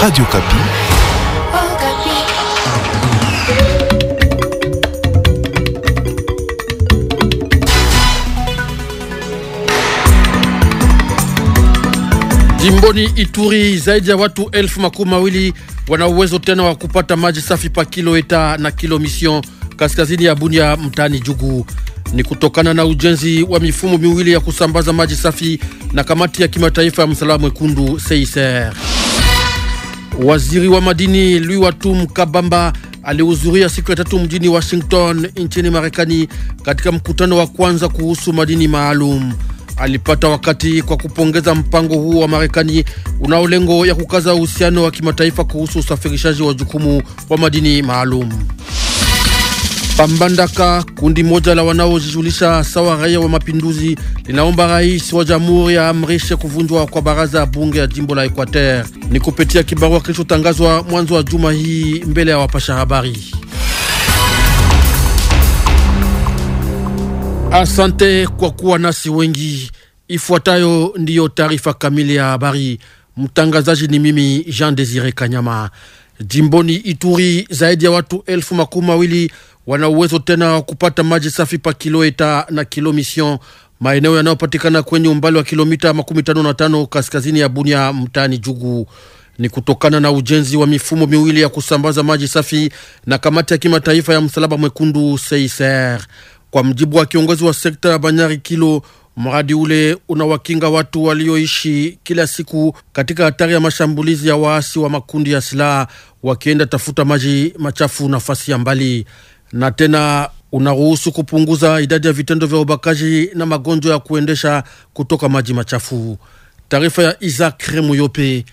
Radio Kapi. Jimboni Ituri zaidi ya watu elfu makumi mawili wana uwezo tena wa kupata maji safi pa kilo eta na kilo Mission kaskazini ya Bunia mtaani Jugu. Ni kutokana na ujenzi wa mifumo miwili ya kusambaza maji safi na kamati ya kimataifa ya msalaba mwekundu CICR. Waziri wa madini Lui Watum Kabamba alihudhuria siku ya tatu mjini Washington nchini Marekani katika mkutano wa kwanza kuhusu madini maalum. Alipata wakati kwa kupongeza mpango huo wa Marekani unao lengo ya kukaza uhusiano wa kimataifa kuhusu usafirishaji wa jukumu wa madini maalum. Pambandaka, kundi moja la wanaojijulisha sawa raia wa mapinduzi linaomba rais wa jamhuri aamrishe kuvunjwa kwa baraza bunge ya jimbo la Equateur. Ni kupitia kibarua kilichotangazwa mwanzo wa juma hii mbele ya wapasha habari. Asante kwa kuwa nasi wengi. Ifuatayo ndiyo taarifa kamili ya habari. Mtangazaji ni mimi Jean Desire Kanyama. Jimboni Ituri, zaidi ya watu elfu makumi mawili wana uwezo tena wa kupata maji safi pa Kiloeta na Kilo Mission, maeneo yanayopatikana kwenye umbali wa kilomita 55 kaskazini ya Bunia, mtaani Jugu. Ni kutokana na ujenzi wa mifumo miwili ya kusambaza maji safi na kamati ya kimataifa ya Msalaba Mwekundu CICR. Kwa mjibu wa kiongozi wa sekta ya Banyari Kilo, mradi ule unawakinga watu walioishi kila siku katika hatari ya mashambulizi ya waasi wa makundi ya silaha wakienda tafuta maji machafu nafasi ya mbali na tena unaruhusu kupunguza idadi ya vitendo vya ubakaji na magonjwa ya kuendesha kutoka maji machafu. Taarifa ya Isaac Remuyope.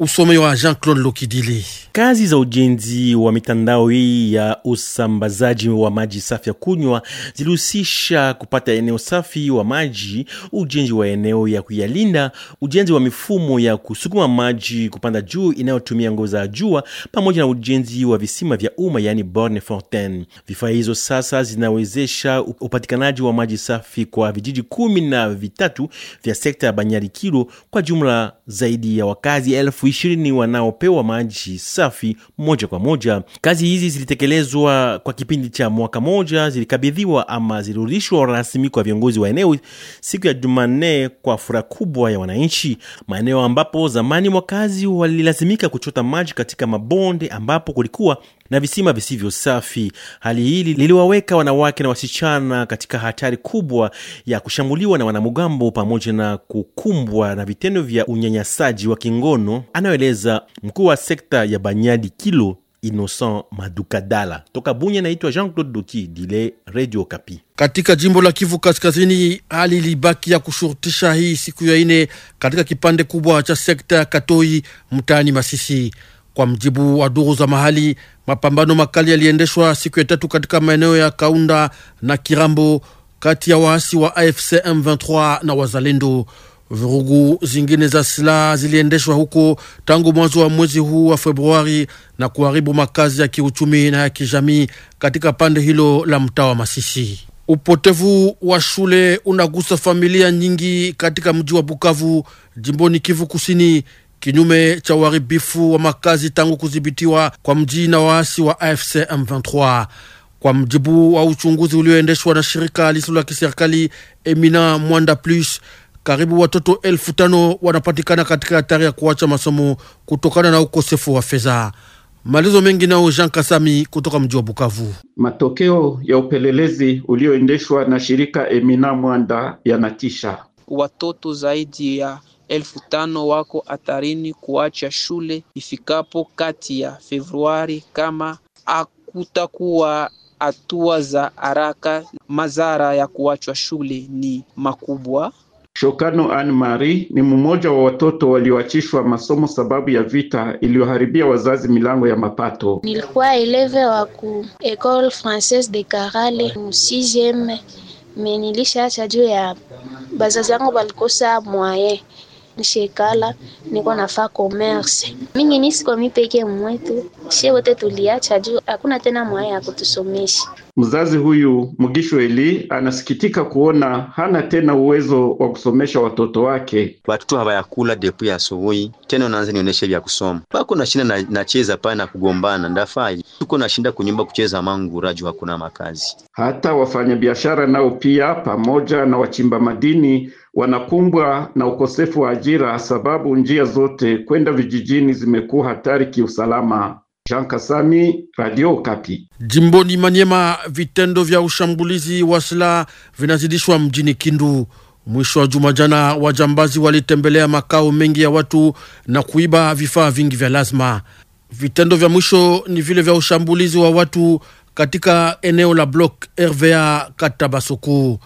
Usomi wa Jean-Claude Lokidili. Kazi za ujenzi wa mitandao hii ya usambazaji wa maji safi ya kunywa zilihusisha kupata eneo safi wa maji, ujenzi wa eneo ya kuyalinda, ujenzi wa mifumo ya kusukuma maji kupanda juu inayotumia nguvu za jua, pamoja na ujenzi wa visima vya umma, yaani borne fontaine. Vifaa hizo sasa zinawezesha upatikanaji wa maji safi kwa vijiji kumi na vitatu vya sekta ya Banyarikilo, kwa jumla zaidi ya wakazi elfu elfu ishirini wanaopewa maji safi moja kwa moja. Kazi hizi zilitekelezwa kwa kipindi cha mwaka moja, zilikabidhiwa ama zilirudishwa rasmi kwa viongozi wa eneo siku ya Jumanne kwa furaha kubwa ya wananchi, maeneo ambapo zamani wakazi walilazimika kuchota maji katika mabonde ambapo kulikuwa na visima visivyo safi. Hali hili liliwaweka wanawake na wasichana katika hatari kubwa ya kushambuliwa na wanamgambo pamoja na kukumbwa na vitendo vya unyanyasaji wa kingono, anayoeleza mkuu wa sekta ya Banyadi Kilo Innocent Madukadala toka Bunya. Naitwa Jean Claude Doki Dile, Radio Kapi. Katika jimbo la Kivu Kaskazini, hali ilibaki ya kushurutisha hii siku ya ine katika kipande kubwa cha sekta ya Katoi mtaani Masisi. Kwa mjibu wa duru za mahali, mapambano makali yaliendeshwa siku ya tatu katika maeneo ya Kaunda na Kirambo kati ya waasi wa AFC M23 na wazalendo. Vurugu zingine za silaha ziliendeshwa huko tangu mwanzo wa mwezi huu wa Februari na kuharibu makazi ya kiuchumi na ya kijamii katika pande hilo la mtaa wa Masisi. Upotevu wa shule unagusa familia nyingi katika mji wa Bukavu, jimboni Kivu Kusini kinyume cha uharibifu wa makazi tangu kudhibitiwa kwa mji na waasi wa AFC M23. Kwa mjibu wa uchunguzi ulioendeshwa na shirika lisilo la kiserikali Emina Mwanda Plus, karibu watoto elfu tano wanapatikana katika hatari ya kuacha masomo kutokana na ukosefu wa fedha. Malizo mengi nao Jean Kasami kutoka mji wa Bukavu. Matokeo ya upelelezi ulioendeshwa na shirika Emina Mwanda yanatisha watoto zaidi ya elfu tano wako hatarini kuacha shule ifikapo kati ya Februari kama hakutakuwa hatua za haraka. Madhara ya kuachwa shule ni makubwa. Shokano Anne Marie ni mmoja wa watoto walioachishwa masomo sababu ya vita iliyoharibia wazazi milango ya mapato. Nilikuwa eleve wa ku Ecole Française de Carale mu 6e, me nilisha juu ya bazazi yangu balikosa mwaye nishekala niko nafaa commerce mingi nisiko mipeke mwetu shie wote tuliacha juu hakuna tena mwaya ya kutusomesha. Mzazi huyu Mugisho Eli anasikitika kuona hana tena uwezo wa kusomesha watoto wake. Watoto hawayakula depu ya asubuhi tena, unaanza nionyeshe vya kusoma wako na shinda nacheza pale na kugombana ndafai, tuko na shinda kunyumba kucheza mangu raju, hakuna makazi. Hata wafanyabiashara nao pia pamoja na wachimba madini wanakumbwa na ukosefu wa ajira, sababu njia zote kwenda vijijini zimekuwa hatari kiusalama. Jean Kasami, Radio Kapi. Jimboni manyema vitendo vya ushambulizi wa silaha vinazidishwa mjini Kindu. Mwisho wa juma jana, wajambazi walitembelea makao mengi ya watu na kuiba vifaa vingi vya lazima. Vitendo vya mwisho ni vile vya ushambulizi wa watu katika eneo la Block RVA Katabasuku.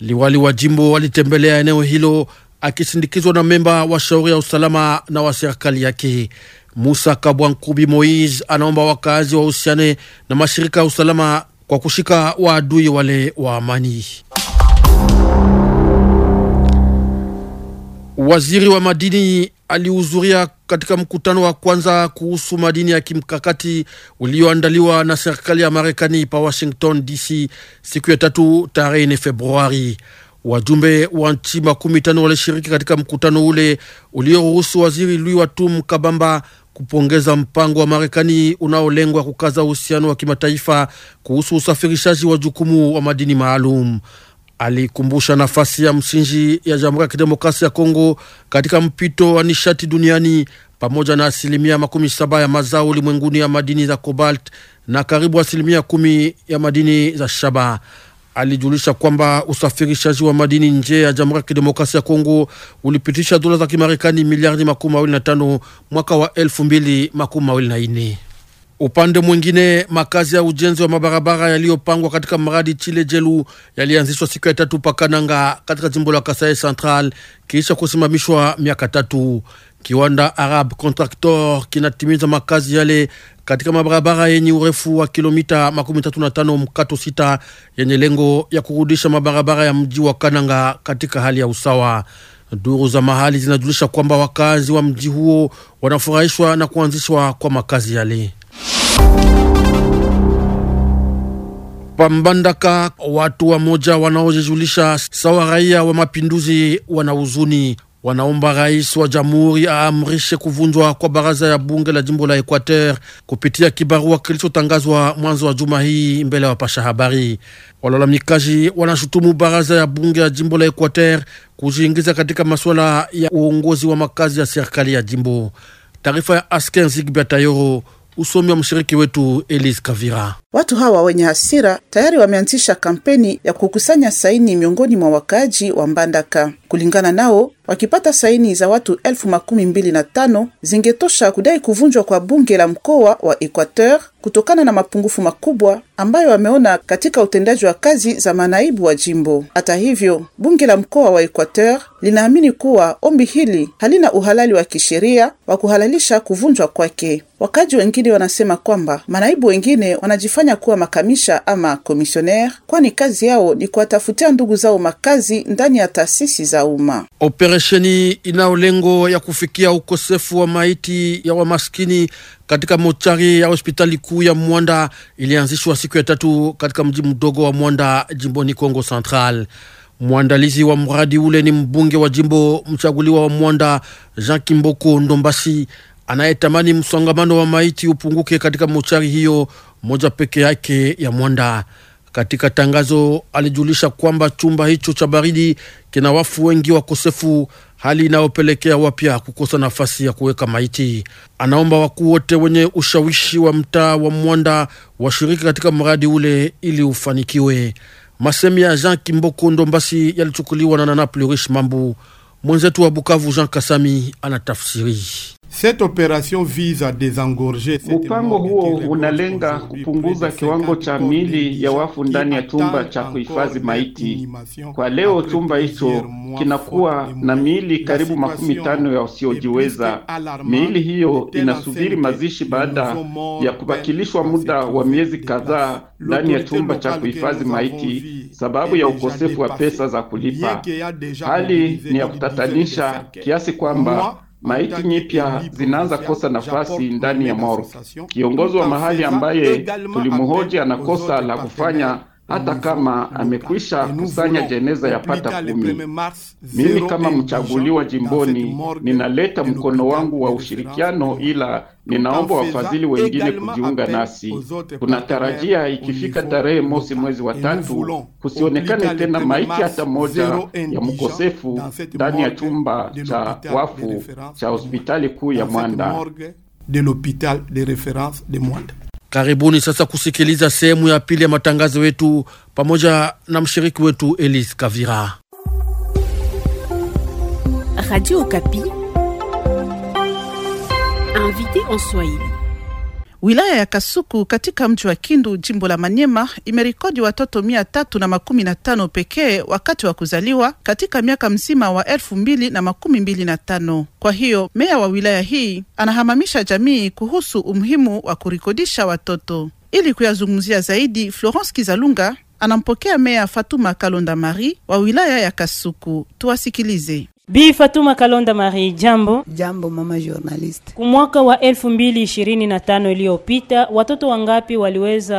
Liwali wa jimbo walitembelea eneo hilo akisindikizwa na memba wa shauri ya usalama na wa serikali yake. Musa Kabwankubi Moise anaomba wakazi wahusiane na mashirika ya usalama kwa kushika waadui wale wa amani. Waziri wa madini alihudhuria katika mkutano wa kwanza kuhusu madini ya kimkakati ulioandaliwa na serikali ya Marekani pa Washington DC siku ya tatu tarehe nne Februari. Wajumbe wa nchi makumi tano walishiriki katika mkutano ule ulioruhusu waziri Louis Watum Kabamba kupongeza mpango wa Marekani unaolengwa kukaza uhusiano wa kimataifa kuhusu usafirishaji wa jukumu wa madini maalum alikumbusha nafasi ya msingi ya Jamhuri ya Kidemokrasia ya Kongo katika mpito wa nishati duniani pamoja na asilimia makumi saba ya mazao ulimwenguni ya madini za cobalt na karibu asilimia kumi ya madini za shaba. Alijulisha kwamba usafirishaji wa madini nje ya Jamhuri ya Kidemokrasia ya Kongo ulipitisha dola za Kimarekani miliardi makumi mawili na tano mwaka wa elfu mbili makumi mawili na nne. Upande mwingine, makazi ya ujenzi wa mabarabara yaliyopangwa katika mradi Chile Jelu yalianzishwa siku ya tatu Pakananga katika jimbo la Kasai Central kisha kusimamishwa miaka tatu. Kiwanda Arab Contractor kinatimiza makazi yale katika mabarabara yenye urefu wa kilomita 35 mkato sita yenye lengo ya kurudisha mabarabara ya mji wa Kananga katika hali ya usawa. Duru za mahali zinajulisha kwamba wakazi wa mji huo wanafurahishwa na kuanzishwa kwa makazi yale. Pambandaka, watu wa moja wanaojijulisha sawa raia wa mapinduzi wana huzuni, wanaomba rais wa jamhuri aamrishe kuvunjwa kwa baraza ya bunge la jimbo la Equateur kupitia kibarua kilichotangazwa mwanzo wa juma hii mbele ya wapasha habari. Walalamikaji wanashutumu baraza ya bunge ya jimbo la Equateur kujiingiza katika masuala ya uongozi wa makazi ya serikali ya jimbo. Taarifa ya Asken Usomi wa mshiriki wetu Elise Kavira. Watu hawa wenye hasira tayari wameanzisha kampeni ya kukusanya saini miongoni mwa wakaaji wa Mbandaka. Kulingana nao, wakipata saini za watu elfu makumi mbili na tano zingetosha kudai kuvunjwa kwa bunge la mkoa wa Equateur kutokana na mapungufu makubwa ambayo wameona katika utendaji wa kazi za manaibu wa jimbo. Hata hivyo, bunge la mkoa wa Equateur linaamini kuwa ombi hili halina uhalali wa kisheria wa kuhalalisha kuvunjwa kwake. wakaaji wengine wanasema kwamba manaibu wengine wanajifanya kuwafanya kuwa makamisha ama komisioner, kwani kazi yao ni kuwatafutia ndugu zao makazi ndani ya taasisi za umma. Operesheni inayo lengo ya kufikia ukosefu wa maiti ya wamaskini katika mochari ya hospitali kuu ya Mwanda ilianzishwa siku ya tatu katika mji mdogo wa Mwanda jimboni congo Central. Mwandalizi wa mradi ule ni mbunge wa jimbo mchaguliwa wa Mwanda Jean Kimboko Ndombasi anayetamani msongamano wa maiti upunguke katika mochari hiyo moja peke yake ya Mwanda. Katika tangazo alijulisha kwamba chumba hicho cha baridi kina wafu wengi wakosefu, hali inayopelekea wapya kukosa nafasi ya kuweka maiti. Anaomba wakuu wote wenye ushawishi wa mtaa wa Mwanda washiriki katika mradi ule ili ufanikiwe. Masemi ya Jean Kimboko Ndombasi yalichukuliwa na Nana Plurish Mambu. Mwenzetu wa Bukavu Jean Kasami anatafsiri. Cette opération vise à desengorger. Mpango huo unalenga kupunguza kiwango cha mili ya wafu ndani ya chumba cha kuhifadhi maiti. Kwa leo chumba hicho kinakuwa na miili karibu makumi tano ya wasiojiweza. Miili hiyo inasubiri mazishi baada ya kubakilishwa muda wa miezi kadhaa ndani ya chumba cha kuhifadhi maiti sababu ya ukosefu wa pesa za kulipa. Hali ni ya kutatanisha kiasi kwamba maiti nyipya zinaanza kosa nafasi ndani ya moro. Kiongozi wa mahali ambaye tulimhoji anakosa la kufanya hata kama amekwisha kusanya jeneza ya pata kumi. Mimi kama mchaguliwa jimboni ninaleta mkono wangu wa ushirikiano, ila ninaomba wafadhili wengine kujiunga nasi. Tunatarajia ikifika tarehe mosi mwezi wa tatu kusionekane tena maiti hata moja ya mkosefu ndani ya chumba cha wafu cha hospitali kuu ya Mwanda. Karibuni sasa kusikiliza sehemu ya pili ya matangazo yetu pamoja na mshiriki wetu Elise Kavira. Radio Kapi, invité en Swahili. Wilaya ya Kasuku katika mji wa Kindu jimbo la Manyema imerekodi watoto mia tatu na makumi na tano pekee wakati wa kuzaliwa katika miaka mzima wa elfu mbili na makumi mbili na tano. Kwa hiyo meya wa wilaya hii anahamamisha jamii kuhusu umuhimu wa kurekodisha watoto. Ili kuyazungumzia zaidi, Florence Kizalunga anampokea meya Fatuma Kalonda Mari wa wilaya ya Kasuku. Tuwasikilize. Bi Fatuma Kalonda Marie, jambo. Jambo mama journalist. Kwa mwaka wa 2025 iliyopita, watoto wangapi waliweza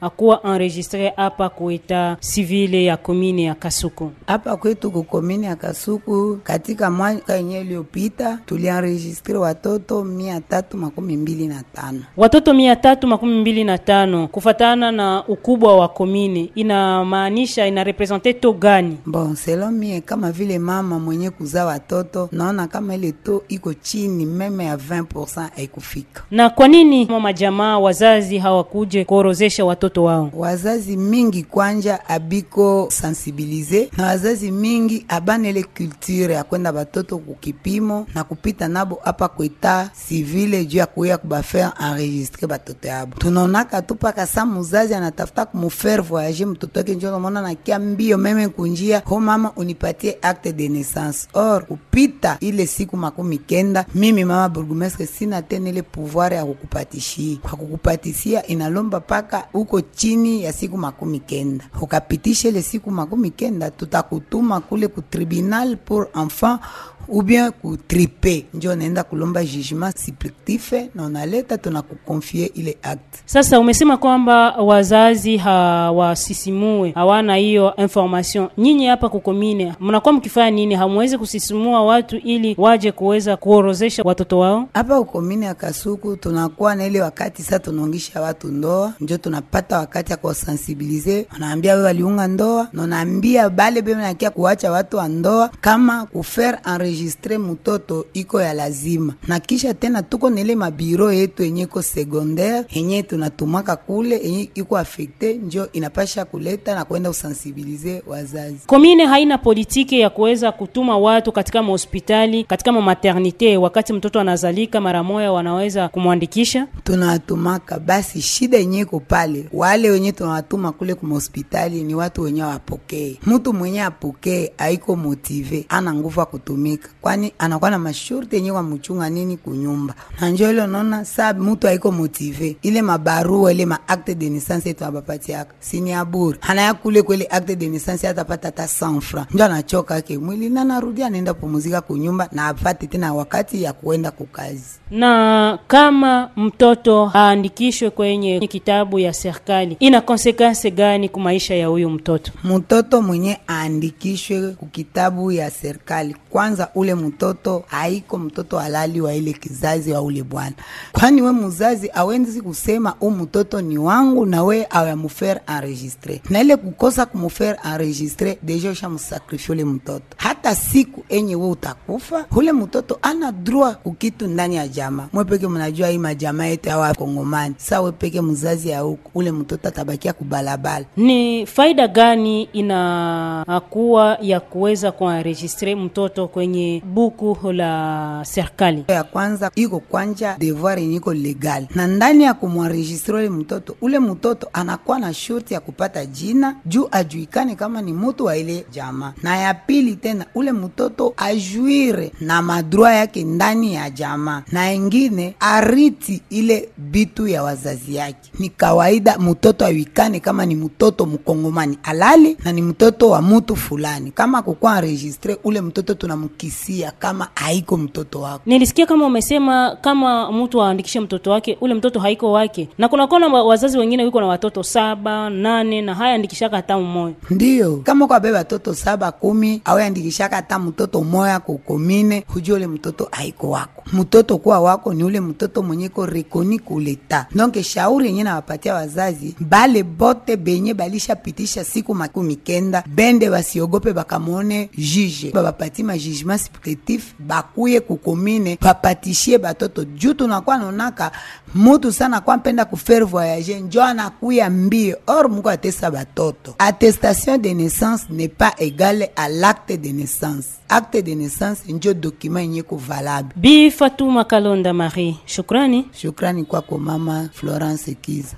ah, kuwa enregistre hapa kuita civile ya komine ya Kasuku? Hapa kwetu ku komine ya Kasuku, katika mwaka yenyewe iliyopita tulienregistre watoto 325. Watoto 325 kufatana na ukubwa wa komine, inamaanisha inarepresente to gani? Bon, selon mie kama vile mama mwenye kuzaa watoto, naona kama ile to iko chini meme ya 20% haikufika. Na kwa nini mama jamaa wazazi hawakuje kuorozesha watoto wao? Wazazi mingi kwanja abiko sensibilize, na wazazi mingi abana ile culture ya kwenda batoto kukipimo na kupita nabo hapa kweta sivile juu ya kuya kubafaire enregistre batoto yabo. Tunaonaka tu paka sa muzazi anatafuta kumufere voyage mtoto wake, njo namona nakia mbio meme kunjia ho, mama unipatie acte de naissance or upita ile siku makumi kenda, mimi mama burgumestre sina tena ile pouvoir ya kukupatishia. Kwa kukupatishia inalomba paka uko chini ya siku makumi kenda, ukapitisha ile siku makumi kenda, tutakutuma kule ku tribunal pour enfant ou bien kutripe, njo naenda kulomba jugement supplicife na unaleta tunakukonfie ile acte. Sasa umesema kwamba wazazi hawasisimue, hawana hiyo information. Nyinyi hapa kukomine mnakuwa mkifanya nini? Hamwezi kusisimua watu ili waje kuweza kuorozesha watoto wao? Hapa kukomine ya Kasuku tunakuwa na ile wakati sasa, tunaongisha watu ndoa, njo tunapata wakati ya kuwasensibilize, wanaambia we waliunga ndoa na unaambia bale benakia kuwacha watu wa ndoa kama kufaire kuenregistre mutoto iko ya lazima, na kisha tena tuko nele mabiro yetu yenye iko secondaire yenye tunatumaka kule yenye iko afekte, njo inapasha kuleta na kwenda usensibilize wazazi. Komine haina politiki ya kuweza kutuma watu katika mahospitali katika maternite, wakati mtoto anazalika mara moya wanaweza kumwandikisha. Tunawatumaka basi, shida yenye iko pale, wale wenye tunawatuma kule kuma hospitali ni watu wenye wapokee, mtu mwenye apokee aiko motive, ana nguvu ya kutumika kutumika, kwani anakuwa na mashurti yenye wamchunga nini kunyumba. Na njo ile unaona saa mtu haiko motive, ile mabarua ile ma acte de naissance yetu abapatiaka sini aburi anaya kule kwele acte de naissance atapata hata francs, njo anachoka ke mwili na narudi anaenda pumuzika kunyumba na apate tena wakati ya kuenda kukazi. Na kama mtoto aandikishwe kwenye kitabu ya serikali, ina konsekansi gani ku maisha ya huyu mtoto? Mtoto mwenye aandikishwe kukitabu ya serikali, kwanza ule mtoto haiko mtoto halali wa ile kizazi wa ule bwana, kwani we muzazi awenzi kusema u mtoto ni wangu na we awamufere enregistre, na ile kukosa kumufere enregistre deja ushamusakrifia ule mtoto. Hata siku enye we utakufa, ule mtoto ana droit kukitu ndani ya jamaa mwepeke. Mnajua hii majamaa yetu ya Kongomani, sa wepeke muzazi huku, ule mtoto atabakia kubalabala. Ni faida gani inakuwa ah, ya kuweza kuanregistre mtoto kwenye kwenye buku la serikali. Ya kwanza iko kwanja devoir iko legal, na ndani ya kumwanregistre ule mtoto, ule mtoto anakuwa na shurti ya kupata jina juu ajuikane kama ni mutu wa ile jamaa, na ya pili tena ule mtoto ajuire na madroa yake ndani ya jamaa, na ingine ariti ile bitu ya wazazi yake. Ni kawaida mtoto awikane kama ni mtoto mkongomani alali na ni mtoto wa mutu fulani, kama kukuwa enregistre ule mtoto tunamk kihisia kama haiko mtoto wako. Nilisikia kama umesema kama mtu aandikishe mtoto wake, ule mtoto haiko wake, na kuna kona wazazi wengine wiko na watoto saba nane na haya andikishaka hata mmoja. Ndiyo, kama kwa beba watoto saba kumi awe andikishaka hata mtoto mmoja kukomine, hujua ule mtoto haiko wako. Mtoto kuwa wako ni ule mtoto mwenye ko rekoni kuleta donke. Shauri yenye nawapatia wazazi bale bote benye balishapitisha siku makumi kenda, bende wasiogope bakamwone jije babapati majijima Bakuye sportif bakuye commune bapatishie batoto jutu tunakuwa nonaka mutu sana kwa mpenda kufaire voyager njo anakuya mbio or muku atesa batoto attestation de naissance n'est pas égale à l'acte de naissance acte de naissance njo document yenye valable. bi fatuma kalonda marie shukrani shukrani kwako mama florence kiza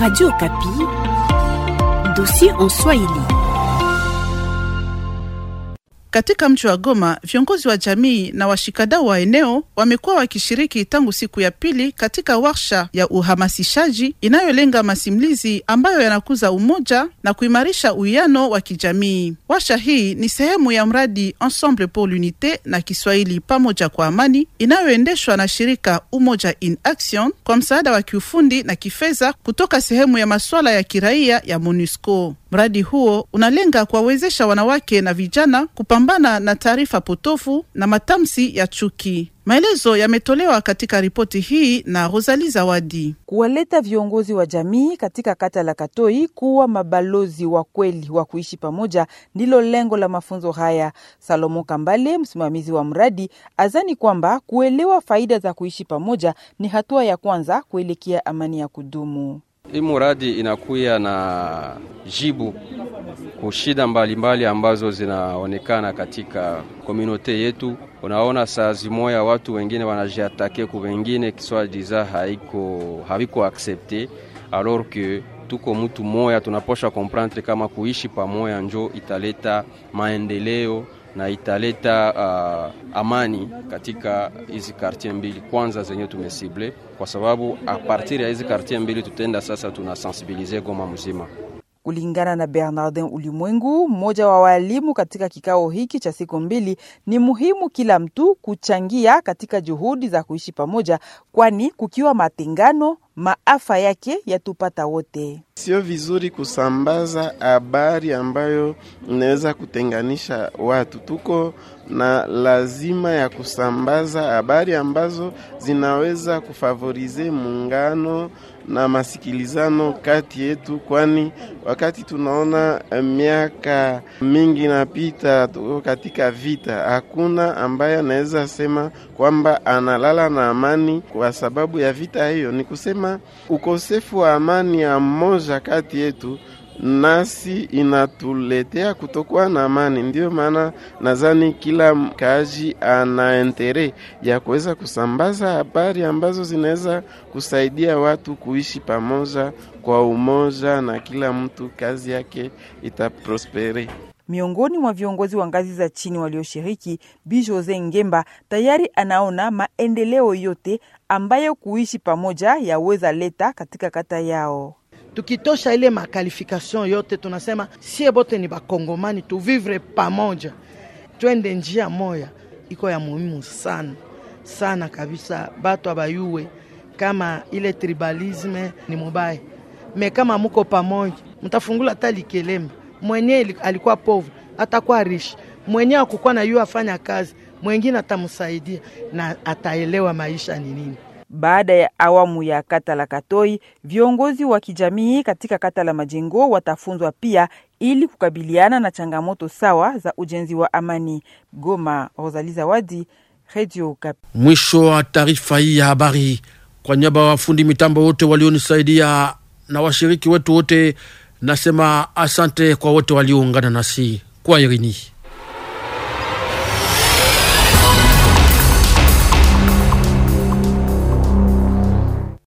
radio kapi dossier en swahili Katika mji wa Goma, viongozi wa jamii na washikadau wa eneo wamekuwa wakishiriki tangu siku ya pili katika warsha ya uhamasishaji inayolenga masimulizi ambayo yanakuza umoja na kuimarisha uwiano wa kijamii. Warsha hii ni sehemu ya mradi Ensemble pour l'unite na Kiswahili pamoja kwa amani inayoendeshwa na shirika Umoja in Action kwa msaada wa kiufundi na kifedha kutoka sehemu ya masuala ya kiraia ya MONUSCO. Mradi huo unalenga kuwawezesha wanawake na vijana kupambana na taarifa potofu na matamsi ya chuki. Maelezo yametolewa katika ripoti hii na Rosali Zawadi. Kuwaleta viongozi wa jamii katika kata la Katoi kuwa mabalozi wa kweli wa kuishi pamoja ndilo lengo la mafunzo haya. Salomo Kambale, msimamizi wa mradi, azani kwamba kuelewa faida za kuishi pamoja ni hatua ya kwanza kuelekea amani ya kudumu hii muradi inakuya na jibu kushida mbalimbali mbali ambazo zinaonekana katika komunote yetu. Unaona, saa zimoya watu wengine wanajiatake ku wengine, kiswa diza haiko haviko aksepte alors que tuko mutu moya, tunaposha komprendre kama kuishi pamoya njo italeta maendeleo na italeta uh, amani katika hizi kartier mbili kwanza zenye tumesible, kwa sababu a partir ya hizi kartier mbili tutenda sasa tunasensibilize Goma mzima. Kulingana na Bernardin Ulimwengu, mmoja wa waalimu katika kikao hiki cha siku mbili, ni muhimu kila mtu kuchangia katika juhudi za kuishi pamoja, kwani kukiwa matengano maafa yake yatupata wote. Sio vizuri kusambaza habari ambayo inaweza kutenganisha watu. Tuko na lazima ya kusambaza habari ambazo zinaweza kufavorize muungano na masikilizano kati yetu, kwani wakati tunaona eh, miaka mingi inapita katika vita, hakuna ambaye anaweza sema kwamba analala na amani kwa sababu ya vita hiyo. Ni kusema ukosefu wa amani ya mmoja kati yetu nasi inatuletea kutokuwa na amani. Ndiyo maana nadhani kila mkaaji ana entere ya kuweza kusambaza habari ambazo zinaweza kusaidia watu kuishi pamoja kwa umoja, na kila mtu kazi yake itaprospere. Miongoni mwa viongozi wa ngazi za chini walioshiriki, Bi Jose Ngemba tayari anaona maendeleo yote ambayo kuishi pamoja yaweza leta katika kata yao. Tukitosha ile makalifikasyon yote, tunasema sie bote ni bakongomani, tuvivre pamoja, twende njia moya, iko ya muhimu sana sana kabisa. Batu abayuwe kama ile tribalisme ni mubaya, me kama muko pamoja, mtafungula hata likeleme. Mwenye alikuwa povre atakuwa rishi, mwenye akukuwa na yuwe afanya kazi, mwengine atamsaidia na ataelewa maisha ni nini. Baada ya awamu ya kata la Katoi, viongozi wa kijamii katika kata la Majengo watafunzwa pia ili kukabiliana na changamoto sawa za ujenzi wa amani. Goma, rosali Zawadi, Radio Okapi. Mwisho wa taarifa hii ya habari, kwa niaba ya wafundi mitambo wote walionisaidia na washiriki wetu wote, nasema asante kwa wote walioungana nasi kwa irini.